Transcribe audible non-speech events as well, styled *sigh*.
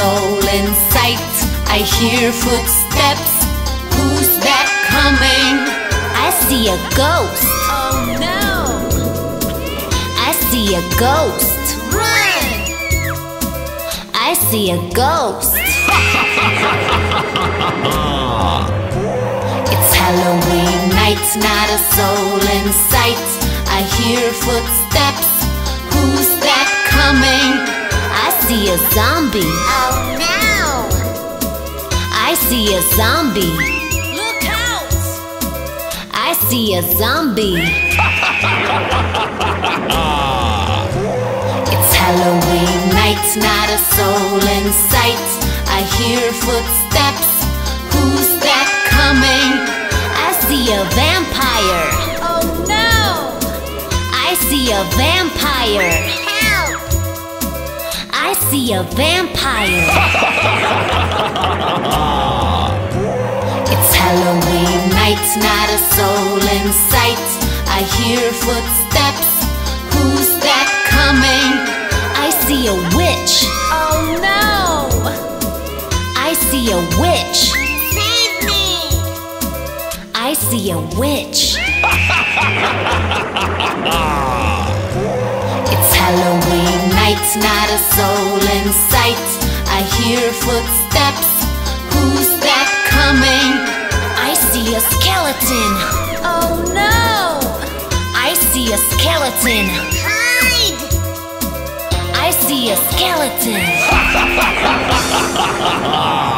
soul in sight. I hear footsteps. Who's that coming? I see a ghost. Oh no! I see a ghost. Run! I see a ghost. *laughs* it's Halloween night, not a soul in sight. I hear footsteps. see a zombie. Oh no! I see a zombie. Look out! I see a zombie. *laughs* it's Halloween night, not a soul in sight. I hear footsteps. Who's that coming? I see a vampire. Oh no! I see a vampire see a vampire. *laughs* it's Halloween night, not a soul in sight. I hear footsteps. Who's that coming? I see a witch. Oh no! I see a witch. Save me! I see a witch. *laughs* not a soul in sight I hear footsteps Who's that coming? I see a skeleton Oh no! I see a skeleton Hide! I see a skeleton *laughs*